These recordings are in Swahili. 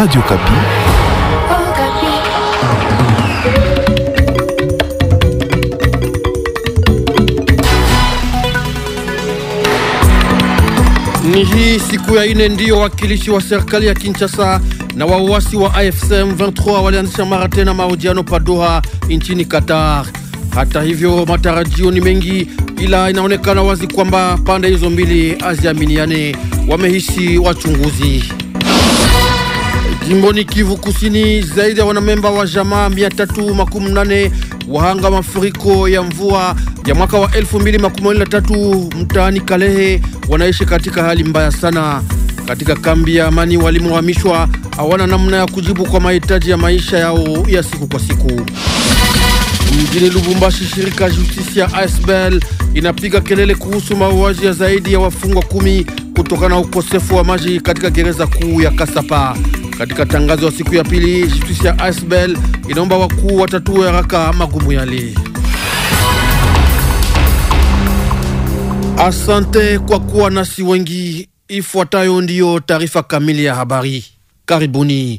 Radio Kapi. Ni hii siku ya ine ndiyo wakilishi wa serikali ya Kinshasa na wauasi wa m 23 walianzisha mara tena mahojiano pa Doha nchini Qatar. Hata hivyo, matarajio ni mengi, ila inaonekana wazi kwamba pande hizo mbili haziaminiane, wamehisi wachunguzi. Jimboni Kivu Kusini, zaidi ya wanamemba wa jamaa 318 wahanga mafuriko ya mvua ya mwaka wa 2023 mtaani Kalehe wanaishi katika hali mbaya sana. Katika kambi ya amani walimohamishwa hawana namna ya kujibu kwa mahitaji ya maisha yao ya siku kwa siku. Mjini Lubumbashi, shirika Justicia Asbel inapiga kelele kuhusu mauaji ya zaidi ya wafungwa kumi kutokana na ukosefu wa maji katika gereza kuu ya Kasapa. Katika tangazo ya siku ya pili, justice ya Asbel inaomba wakuu watatue haraka magumu yale. Asante kwa kuwa nasi wengi. Ifuatayo ndiyo taarifa kamili ya habari. Karibuni.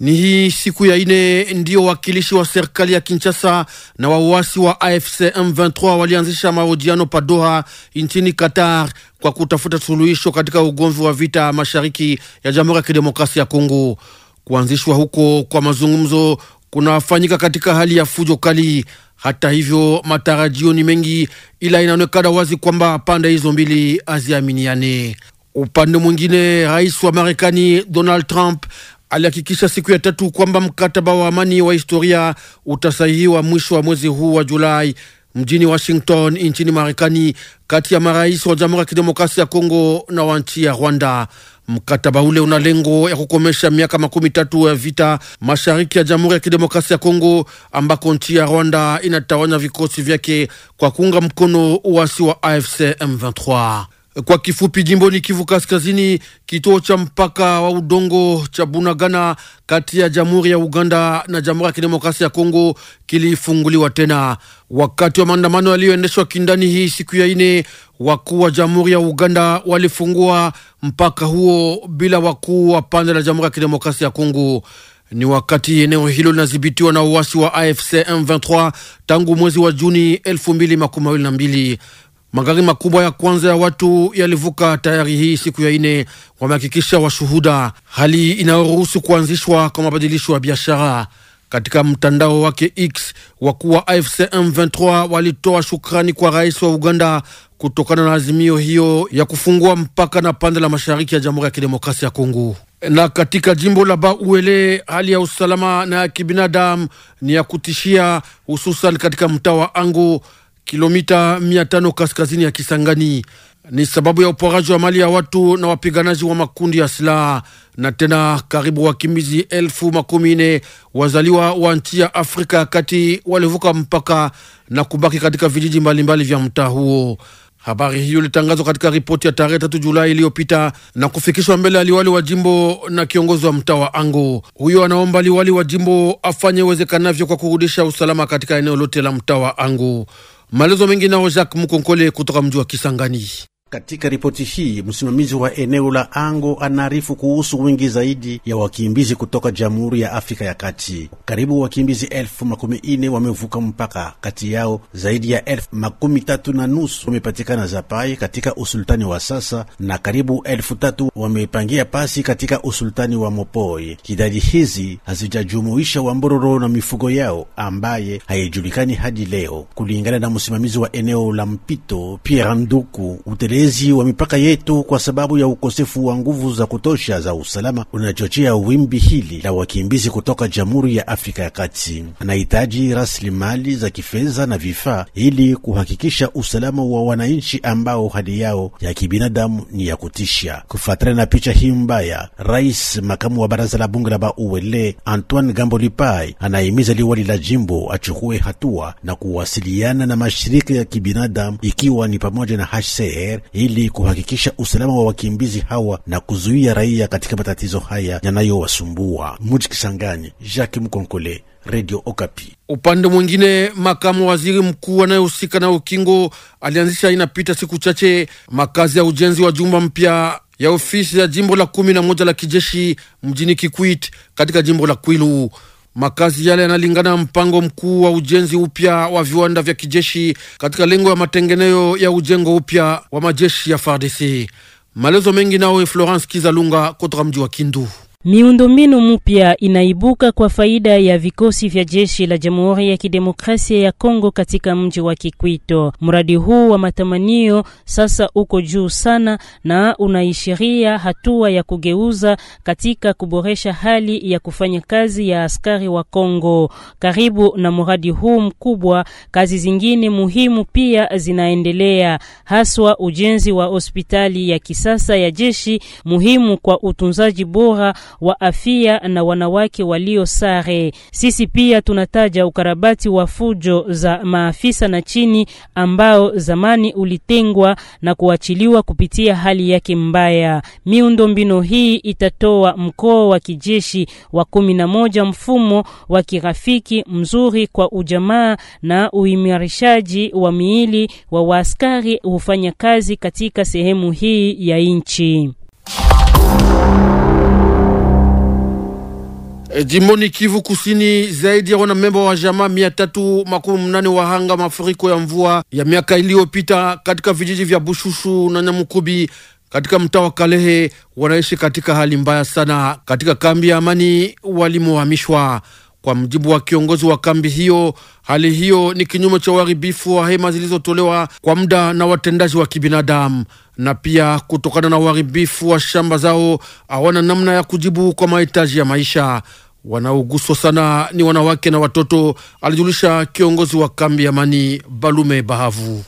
Ni hii siku ya ine ndio wakilishi wa serikali ya Kinshasa na wawasi wa AFC M23 walianzisha mahojiano Padoha nchini Qatar kwa kutafuta suluhisho katika ugomvi wa vita mashariki ya Jamhuri ya Kidemokrasia ya Kongo. Kuanzishwa huko kwa mazungumzo kunafanyika katika hali ya fujo kali. Hata hivyo, matarajio ni mengi, ila inaonekana wazi kwamba pande hizo mbili haziaminiane. Upande mwingine, rais wa Marekani Donald Trump alihakikisha siku ya tatu kwamba mkataba wa amani wa historia utasahihiwa mwisho wa mwezi huu wa Julai mjini Washington nchini Marekani, kati ya marais wa Jamhuri ya Kidemokrasia ya Kongo na wa nchi ya Rwanda. Mkataba ule una lengo ya kukomesha miaka makumi tatu ya vita mashariki ya Jamhuri ya Kidemokrasia ya Kongo, ambako nchi ya Rwanda inatawanya vikosi vyake kwa kuunga mkono uasi wa AFC M23. Kwa kifupi, jimboni Kivu Kaskazini, kituo cha mpaka wa udongo cha Bunagana kati ya Jamhuri ya Uganda na Jamhuri ya Kidemokrasia ya Kongo kilifunguliwa tena wakati wa maandamano yaliyoendeshwa kindani hii siku ya ine. Wakuu wa Jamhuri ya Uganda walifungua mpaka huo bila wakuu wa pande la Jamhuri ya Kidemokrasia ya Kongo. Ni wakati eneo hilo linadhibitiwa na uasi wa AFC M23 tangu mwezi wa Juni 2022. Magari makubwa ya kwanza ya watu yalivuka tayari hii siku ya ine, wamehakikisha washuhuda, hali inayoruhusu kuanzishwa kwa mabadilisho ya biashara. Katika mtandao wake X, wakuu wa AFC M23 walitoa shukrani kwa rais wa Uganda kutokana na azimio hiyo ya kufungua mpaka na pande la mashariki ya Jamhuri ya Kidemokrasia ya Kongo. Na katika jimbo la Bauele hali ya usalama na ya kibinadamu ni ya kutishia, hususan katika mtaa wa Angu kilomita tano kaskazini ya Kisangani. Ni sababu ya uporaji wa mali ya watu na wapiganaji wa makundi ya silaha. Na tena karibu wakimbizi elfu makumi nne wazaliwa wa nchi ya Afrika ya Kati walivuka mpaka na kubaki katika vijiji mbalimbali vya mtaa huo. Habari hiyo ilitangazwa katika ripoti ya tarehe tatu Julai iliyopita na kufikishwa mbele ya liwali wa jimbo na kiongozi wa mtaa wa Ango. Huyo anaomba liwali wa jimbo afanye uwezekanavyo kwa kurudisha usalama katika eneo lote la mtaa wa Ango. Maelezo mengi nao Jacques Mkonkole kutoka mji wa Kisangani. Katika ripoti hii msimamizi wa eneo la Ango anaarifu kuhusu wingi zaidi ya wakimbizi kutoka Jamhuri ya Afrika ya Kati. Karibu wakimbizi elfu makumi wamevuka mpaka, kati yao zaidi ya elfu makumi tatu na nusu wamepatikana Zapai katika usultani wa sasa na karibu elfu tatu wamepangia pasi katika usultani wa Mopoi. Idadi hizi hazijajumuisha Wambororo na mifugo yao ambaye haijulikani hadi leo, kulingana na msimamizi wa eneo la mpito Pierre Nduku utele walezi wa mipaka yetu kwa sababu ya ukosefu wa nguvu za kutosha za usalama unachochea wimbi hili la wakimbizi kutoka Jamhuri ya Afrika ya Kati. Anahitaji rasilimali za kifedha na vifaa ili kuhakikisha usalama wa wananchi ambao hali yao ya kibinadamu ni ya kutisha. Kufuatana na picha hii mbaya, rais makamu wa baraza la bunge la Bauele Antoine Gambolipai anahimiza liwali la jimbo achukue hatua na kuwasiliana na mashirika ya kibinadamu ikiwa ni pamoja na HCR ili kuhakikisha usalama wa wakimbizi hawa na kuzuia raia katika matatizo haya yanayowasumbua. Muji Kisangani, Jacques Mkonkole, Radio Okapi. Upande mwingine, makamu waziri mkuu anayehusika na ukingo alianzisha inapita siku chache makazi ya ujenzi wa jumba mpya ya ofisi ya jimbo la kumi na moja la kijeshi mjini Kikwit katika jimbo la Kwilu. Makazi yale yanalingana mpango mkuu wa ujenzi upya wa viwanda vya kijeshi katika lengo ya matengenezo ya ujengo upya wa majeshi ya FARDC. Maelezo mengi nawe Florence Kizalunga kutoka mji wa Kindu. Miundombinu mpya inaibuka kwa faida ya vikosi vya jeshi la Jamhuri ya Kidemokrasia ya Kongo katika mji wa Kikwito. Mradi huu wa matamanio sasa uko juu sana na unaishiria hatua ya kugeuza katika kuboresha hali ya kufanya kazi ya askari wa Kongo. Karibu na mradi huu mkubwa, kazi zingine muhimu pia zinaendelea, haswa ujenzi wa hospitali ya kisasa ya jeshi muhimu kwa utunzaji bora wa afya na wanawake walio sare. Sisi pia tunataja ukarabati wa fujo za maafisa na chini ambao zamani ulitengwa na kuachiliwa kupitia hali yake mbaya. miundo mbinu hii itatoa mkoa wa kijeshi wa kumi na moja mfumo wa kirafiki mzuri kwa ujamaa na uimarishaji wa miili wa waaskari hufanya kazi katika sehemu hii ya nchi. E, jimboni Kivu Kusini, zaidi ya memba wa jamaa mia tatu makumi mnane wahanga mafuriko ya mvua ya miaka iliyopita katika vijiji vya Bushushu na Nyamukubi katika mtaa wa Kalehe wanaishi katika hali mbaya sana katika kambi ya amani walimohamishwa. Kwa mjibu wa kiongozi wa kambi hiyo, hali hiyo ni kinyume cha uharibifu wa hema zilizotolewa kwa muda na watendaji wa kibinadamu, na pia kutokana na uharibifu wa shamba zao hawana namna ya kujibu kwa mahitaji ya maisha. Wanaoguswa sana ni wanawake na watoto, alijulisha kiongozi wa kambi ya Mani Balume Bahavu.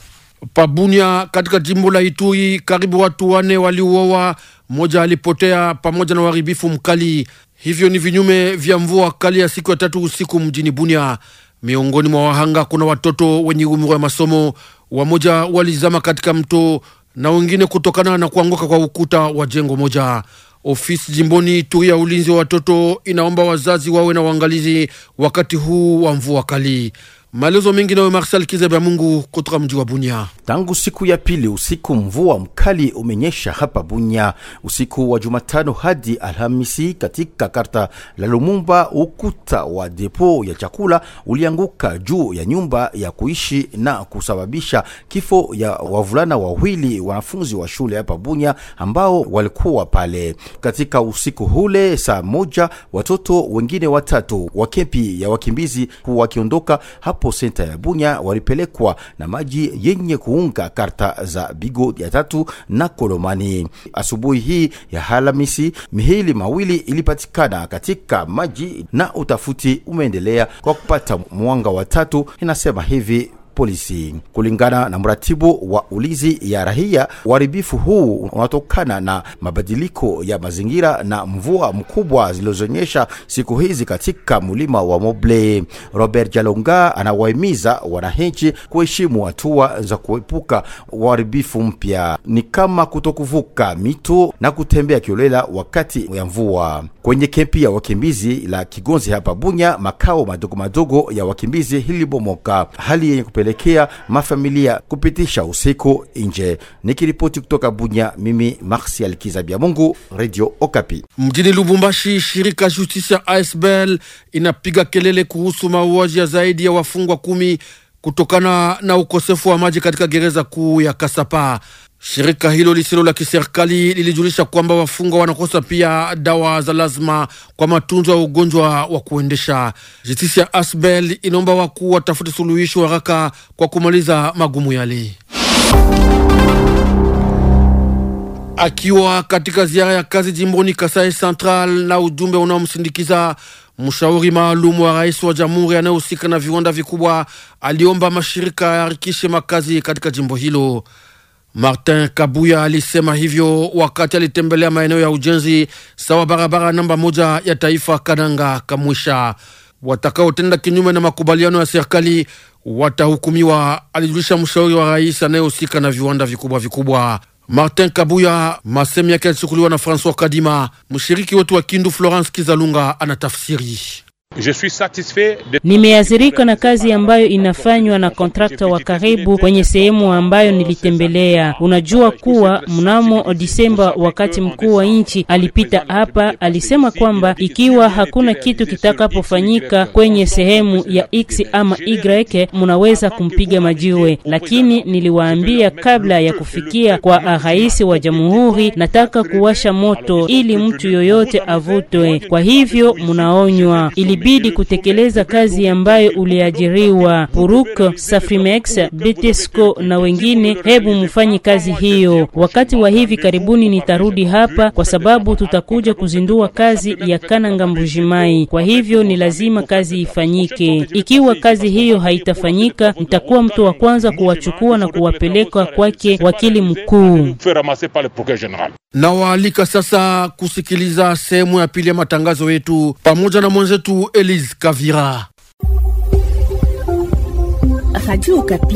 Pabunya katika jimbo la Ituri, karibu watu wane waliuawa, moja alipotea pamoja na uharibifu mkali. Hivyo ni vinyume vya mvua kali ya siku ya tatu usiku mjini Bunia. Miongoni mwa wahanga kuna watoto wenye umri wa masomo, wamoja walizama katika mto na wengine kutokana na kuanguka kwa ukuta wa jengo moja. Ofisi jimboni Ituri ya ulinzi wa watoto inaomba wazazi wawe na uangalizi wakati huu wa mvua kali. Maelezo mengi nawe Marcel Kizebe Mungu kutoka mji wa Bunya. Tangu siku ya pili usiku mvua mkali umenyesha hapa Bunya usiku wa Jumatano hadi Alhamisi katika karta la Lumumba. Ukuta wa depo ya chakula ulianguka juu ya nyumba ya kuishi na kusababisha kifo ya wavulana wawili wanafunzi wa shule hapa Bunya ambao walikuwa pale katika usiku hule. Saa moja watoto wengine watatu wa kempi ya wakimbizi wakiondoka hapa ambapo senta ya Bunya walipelekwa na maji yenye kuunga karta za Bigo ya tatu na Kolomani. Asubuhi hii ya Halamisi, mihili mawili ilipatikana katika maji na utafuti umeendelea kwa kupata mwanga wa tatu, inasema hivi polisi. Kulingana na mratibu wa ulinzi ya rahia uharibifu huu unatokana na mabadiliko ya mazingira na mvua mkubwa zilizonyesha siku hizi katika mlima wa Moble. Robert Jalonga anawahimiza wananchi kuheshimu hatua za kuepuka uharibifu mpya, ni kama kutokuvuka mito na kutembea kiolela wakati ya mvua kwenye kempi ya wakimbizi la Kigonzi hapa Bunya, makao madogo madogo ya wakimbizi hilibomoka, hali yenye kupelekea mafamilia kupitisha usiku nje. Nikiripoti kutoka Bunya, mimi Marsial Kizabia Mungu, Radio Okapi. Mjini Lubumbashi, shirika Justice ya ASBL inapiga kelele kuhusu mauaji ya zaidi ya wafungwa kumi kutokana na ukosefu wa maji katika gereza kuu ya Kasapa. Shirika hilo lisilo la kiserikali lilijulisha kwamba wafungwa wanakosa pia dawa za lazima kwa matunzo ya ugonjwa wa kuendesha. ya Asbel inaomba wakuu watafute suluhisho haraka kwa kumaliza magumu yale. Akiwa katika ziara ya kazi jimboni Kasai Central na ujumbe unaomsindikiza mshauri maalum wa rais wa jamhuri anayehusika na viwanda vikubwa aliomba mashirika yaharikishe makazi katika jimbo hilo. Martin Kabuya alisema hivyo wakati alitembelea maeneo ya ujenzi sawa barabara namba moja ya taifa Kananga Kamwisha. Watakaotenda kinyume na makubaliano ya serikali watahukumiwa, alijulisha mshauri wa rais anayehusika na viwanda vikubwa vikubwa. Martin Kabuya, masemi yake yalichukuliwa na Francois Kadima. Mshiriki wetu wa Kindu Florence Kizalunga anatafsiri. Nimeathirika na kazi ambayo inafanywa na kontrakta wa karibu kwenye sehemu ambayo nilitembelea. Unajua kuwa mnamo Disemba, wakati mkuu wa nchi alipita hapa, alisema kwamba ikiwa hakuna kitu kitakapofanyika kwenye sehemu ya X ama Y, mnaweza kumpiga majiwe. Lakini niliwaambia kabla ya kufikia kwa rais wa jamhuri, nataka kuwasha moto ili mtu yoyote avutwe. Kwa hivyo mnaonywa ili ilibidi kutekeleza kazi ambayo uliajiriwa. Puruk, safrimex Betesco na wengine, hebu mfanye kazi hiyo. Wakati wa hivi karibuni nitarudi hapa, kwa sababu tutakuja kuzindua kazi ya Kananga Mbujimai. Kwa hivyo ni lazima kazi ifanyike. Ikiwa kazi hiyo haitafanyika, nitakuwa mtu wa kwanza kuwachukua na kuwapeleka kwake wakili mkuu. Na sasa kusikiliza sehemu ya pili ya matangazo yetu pamoja na mwenzetu Elise Kavira. Radio Okapi.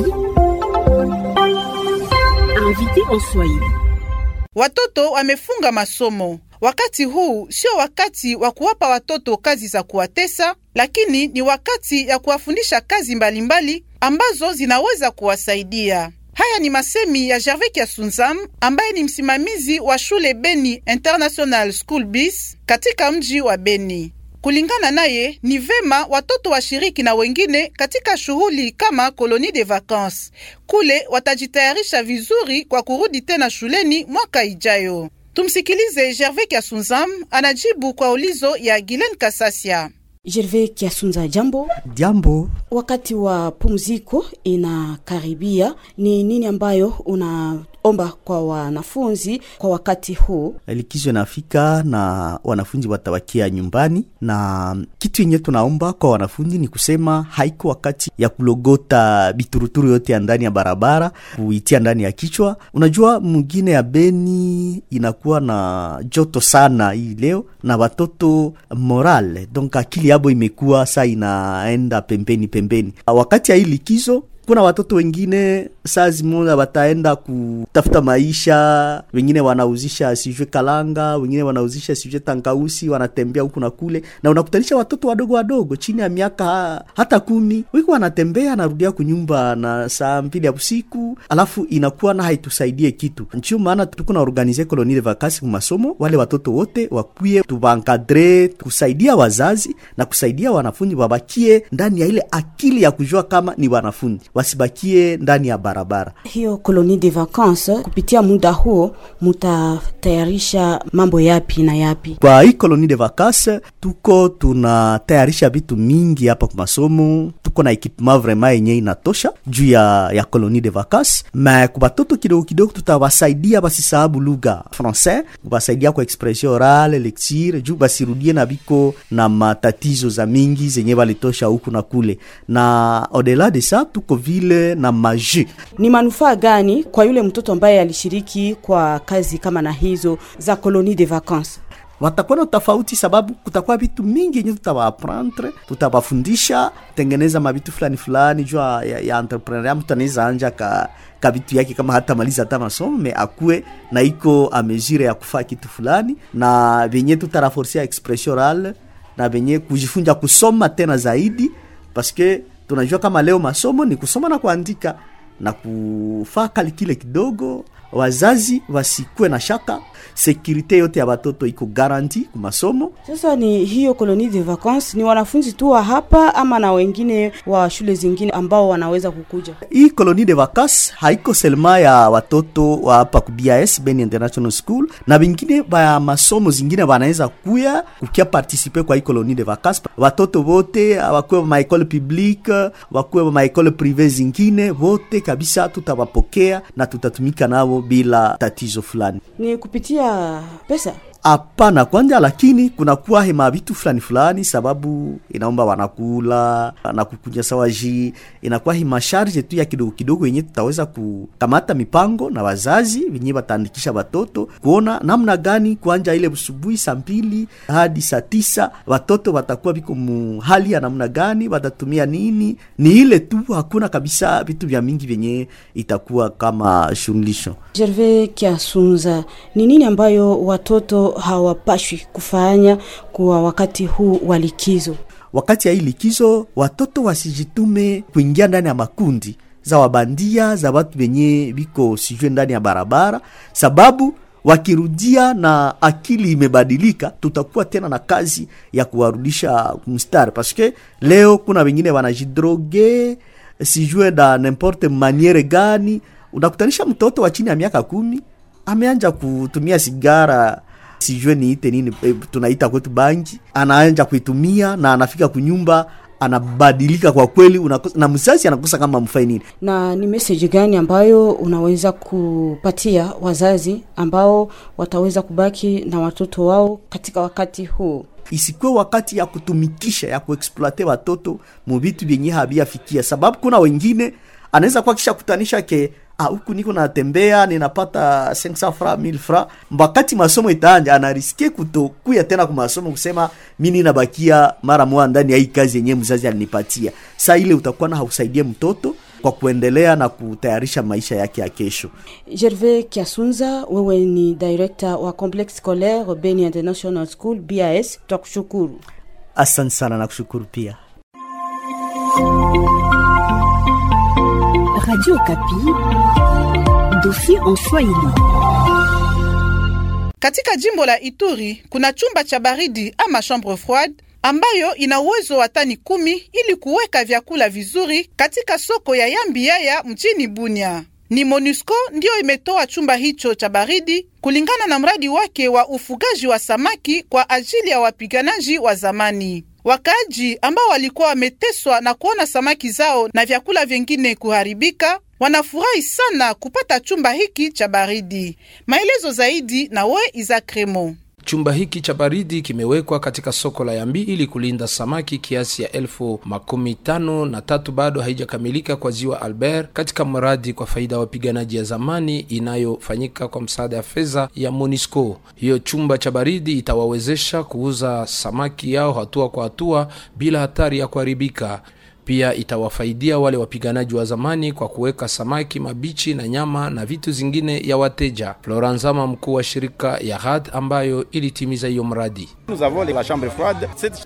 Invité en Swahili. Watoto wamefunga masomo. Wakati huu sio wakati wa kuwapa watoto kazi za kuwatesa, lakini ni wakati ya kuwafundisha kazi mbalimbali mbali ambazo zinaweza kuwasaidia. Haya ni masemi ya Gervais Kasunzam ambaye ni msimamizi wa shule Beni International School Bis katika mji wa Beni. Kulingana naye, ni vema watoto washiriki na wengine katika shughuli kama koloni de vacances. Kule watajitayarisha vizuri kwa kurudi tena shuleni mwaka ijayo. Tumsikilize Gervais Kasunzam anajibu kwa ulizo ya Gilen Kasasia. Jerve Kiasunza, jambo. Jambo. Wakati wa pumziko inakaribia, ni nini ambayo unaomba kwa wanafunzi kwa wakati huu? Likizo inafika na wanafunzi watawakia nyumbani, na kitu yenye tunaomba kwa wanafunzi ni kusema haiko wakati ya kulogota bituruturu yote ya ndani ya barabara kuitia ndani ya kichwa. Unajua, mwingine ya Beni inakuwa na joto sana hii leo na watoto moral donc akili jambo imekuwa saa inaenda pembeni pembeni. Wakati ya hii likizo kuna watoto wengine saa zimoja wataenda kutafuta maisha, wengine wanauzisha sijue kalanga, wengine wanauzisha sijue tangausi, wanatembea huku na kule, na unakutanisha watoto wadogo wadogo chini ya miaka hata kumi, wiku wanatembea, anarudia kunyumba na saa mbili ya usiku, alafu inakuwa na haitusaidie kitu. Ndio maana tuko na organize koloni de vacances kumasomo, wale watoto wote wakuye tuvankadre, kusaidia wazazi na kusaidia wanafunzi wabakie ndani ya ile akili ya kujua kama ni wanafunzi wasibakie ndani ya barabara hiyo. Koloni de vacances kupitia muda huo mutatayarisha mambo yapi na yapi? Kwa hii koloni de vacances tuko tunatayarisha vitu mingi hapa kwa masomo, tuko na ekipema vraiment yenye inatosha juu ya, ya koloni de vacances. Ma kwa batoto kidogo kidogo tutawasaidia basisahabu lugha francais, kubasaidia kwa expression orale lecture, juu basirudie na biko na matatizo za mingi zenye balitosha huku na kule, na odela de sa tuko vile na maji. Ni manufaa gani kwa yule mtoto ambaye alishiriki kwa kazi kama na hizo za koloni de vacances? watakuwa na tofauti sababu kutakuwa vitu mingi yenye tutawaprendre, tutawafundisha tengeneza mabitu fulani fulani jua ya, ya entrepreneur. Mtu anaweza anja ka, ka vitu yake kama hata maliza hata masomo me akue na iko amesure ya kufaa kitu fulani, na venye tutaraforsia expression orale na venye kujifunja kusoma tena zaidi paske tunajua kama leo masomo ni kusoma na kuandika na kufaa kalikile kidogo, wazazi wasikuwe na shaka, sekurite yote ya watoto iko garanti ku masomo. Sasa ni hiyo colonie de vacances, ni wanafunzi tu wa hapa ama na wengine wa shule zingine ambao wanaweza kukuja? Hii colonie de vacances haiko selma ya watoto wa hapa ku BIS Beni International School, na wengine ba masomo zingine wanaweza kuya kukia participer kwa hii colonie de vacances. Watoto wote wakuwe ma école publique, wakuwe ma privée zingine, wote kabisa tutawapokea na tutatumika nao bila tatizo fulani. Ni kupitia pesa Hapana kwanja, lakini kunakuwa hema vitu fulani fulani, sababu inaomba wanakula na kukunya sawaji, inakuwa hema sharje tu ya kidogo kidogo yenye tutaweza kukamata mipango na wazazi wenye wataandikisha watoto, kuona namna gani kwanja ile usubuhi saa mbili hadi saa tisa watoto watakuwa viko muhali ya namna gani, watatumia nini. Ni ile tu, hakuna kabisa vitu vya mingi vyenye itakuwa kama shughulisho. Gervais Kiasunza, ni nini ambayo watoto hawapashwi kufanya kwa wakati huu wa likizo. Wakati ya hii likizo, watoto wasijitume kuingia ndani ya makundi za wabandia za watu wenye viko sijue ndani ya barabara, sababu wakirudia na akili imebadilika, tutakuwa tena na kazi ya kuwarudisha mstari, paske leo kuna wengine wanajidroge sijue na nimporte maniere gani. Unakutanisha mtoto wa chini ya miaka kumi ameanja kutumia sigara sijue niite nini e, tunaita kwetu banji, anaanja kuitumia na anafika kunyumba anabadilika kwa kweli unakosa, na mzazi anakosa kama mfai nini. Na ni message gani ambayo unaweza kupatia wazazi ambao wataweza kubaki na watoto wao katika wakati huu? Isikuwe wakati ya kutumikisha ya kuexploite watoto muvitu vyenye haviafikia, sababu kuna wengine anaweza kuakisha kutanisha ke Ah, huku niko natembea ninapata 500 francs 1000 francs, mbakati masomo itaanja anariske kutokuya tena kwa masomo, kusema mimi ninabakia mara moja ndani ya hii kazi yenye mzazi alinipatia. Saa ile utakuwa na hausaidie mtoto kwa kuendelea na kutayarisha maisha yake ya kesho. Gervais Kiasunza, wewe ni director wa Complex Scolaire Beni International School BIS, twakushukuru. Asante sana na kushukuru pia Radio Kapi, dofi en Swahili. Katika jimbo la Ituri kuna chumba cha baridi ama chambre froide ambayo ina uwezo wa tani kumi ili kuweka vyakula vizuri katika soko ya Yambi Yaya mjini Bunia. Ni MONUSCO ndiyo imetoa chumba hicho cha baridi kulingana na mradi wake wa ufugaji wa samaki kwa ajili ya wapiganaji wa zamani. Wakaaji ambao walikuwa wameteswa na kuona samaki zao na vyakula vyengine kuharibika wanafurahi sana kupata chumba hiki cha baridi. Maelezo zaidi na we Izakremo. Chumba hiki cha baridi kimewekwa katika soko la Yambi ili kulinda samaki kiasi ya elfu makumi tano na tatu bado haijakamilika kwa ziwa Albert katika mradi kwa faida ya wapiganaji ya zamani inayofanyika kwa msaada ya fedha ya Monisco. Hiyo chumba cha baridi itawawezesha kuuza samaki yao hatua kwa hatua bila hatari ya kuharibika. Pia itawafaidia wale wapiganaji wa zamani kwa kuweka samaki mabichi na nyama na vitu zingine ya wateja. Floranzama, mkuu wa shirika ya HAD ambayo ilitimiza hiyo mradi.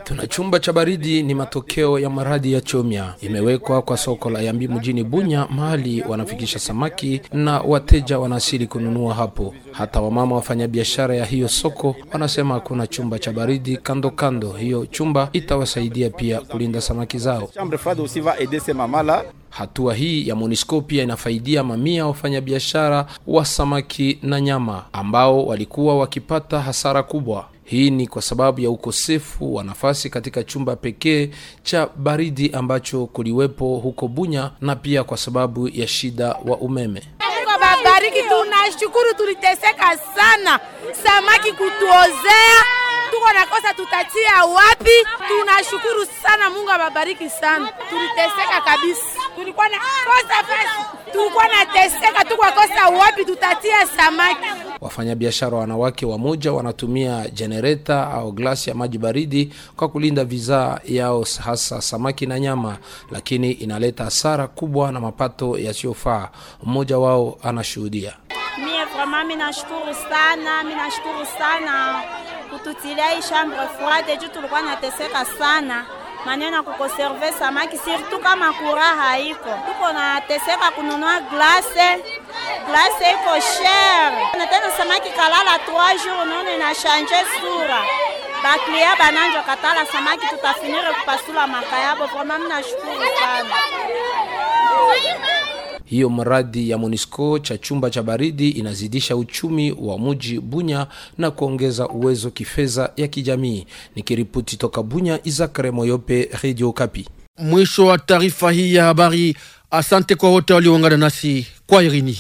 Tuna chumba cha baridi, ni matokeo ya mradi ya Chomia, imewekwa kwa soko la Yambi mjini Bunya, mahali wanafikisha samaki na wateja wanaasili kununua hapo. Hata wamama wafanyabiashara ya hiyo soko wanasema hakuna chumba cha baridi kando kando. Hiyo chumba itawasaidia pia kulinda samaki zao hifadhi aussi va aider ces là. Hatua hii ya MONUSCO pia inafaidia mamia wafanyabiashara wa samaki na nyama ambao walikuwa wakipata hasara kubwa. Hii ni kwa sababu ya ukosefu wa nafasi katika chumba pekee cha baridi ambacho kuliwepo huko Bunya, na pia kwa sababu ya shida wa umeme. Babariki, tunashukuru tuliteseka sana samaki kutuozea tuko na kosa tutatia wapi? Tunashukuru sana, Mungu awabariki sana. Tuliteseka kabisa, tulikuwa na kosa pesa, tulikuwa na teseka, tuko kosa wapi tutatia samaki. Wafanyabiashara wanawake wamoja wanatumia jenereta au glasi ya maji baridi kwa kulinda vizaa yao, hasa samaki na nyama, lakini inaleta hasara kubwa na mapato yasiyofaa. Mmoja wao anashuhudia: mie vrema, minashukuru sana, minashukuru sana kututilia hii chambre froide juu tulikuwa nateseka sana maneno ya kukonserve samaki sirtu kama kuraha iko tuko nateseka kununua glase glase iko shere na tena samaki kalala 3 jours none na change sura baklia bananja katala samaki tutafinire kupasula maka yabo makayabo vrema mnashukuru sana hiyo mradi ya monisco cha chumba cha baridi inazidisha uchumi wa muji bunya na kuongeza uwezo kifedha ya kijamii nikiripoti toka bunya izakre moyope radio kapi mwisho wa taarifa hii ya habari asante kwa wote walioungana nasi kwa irini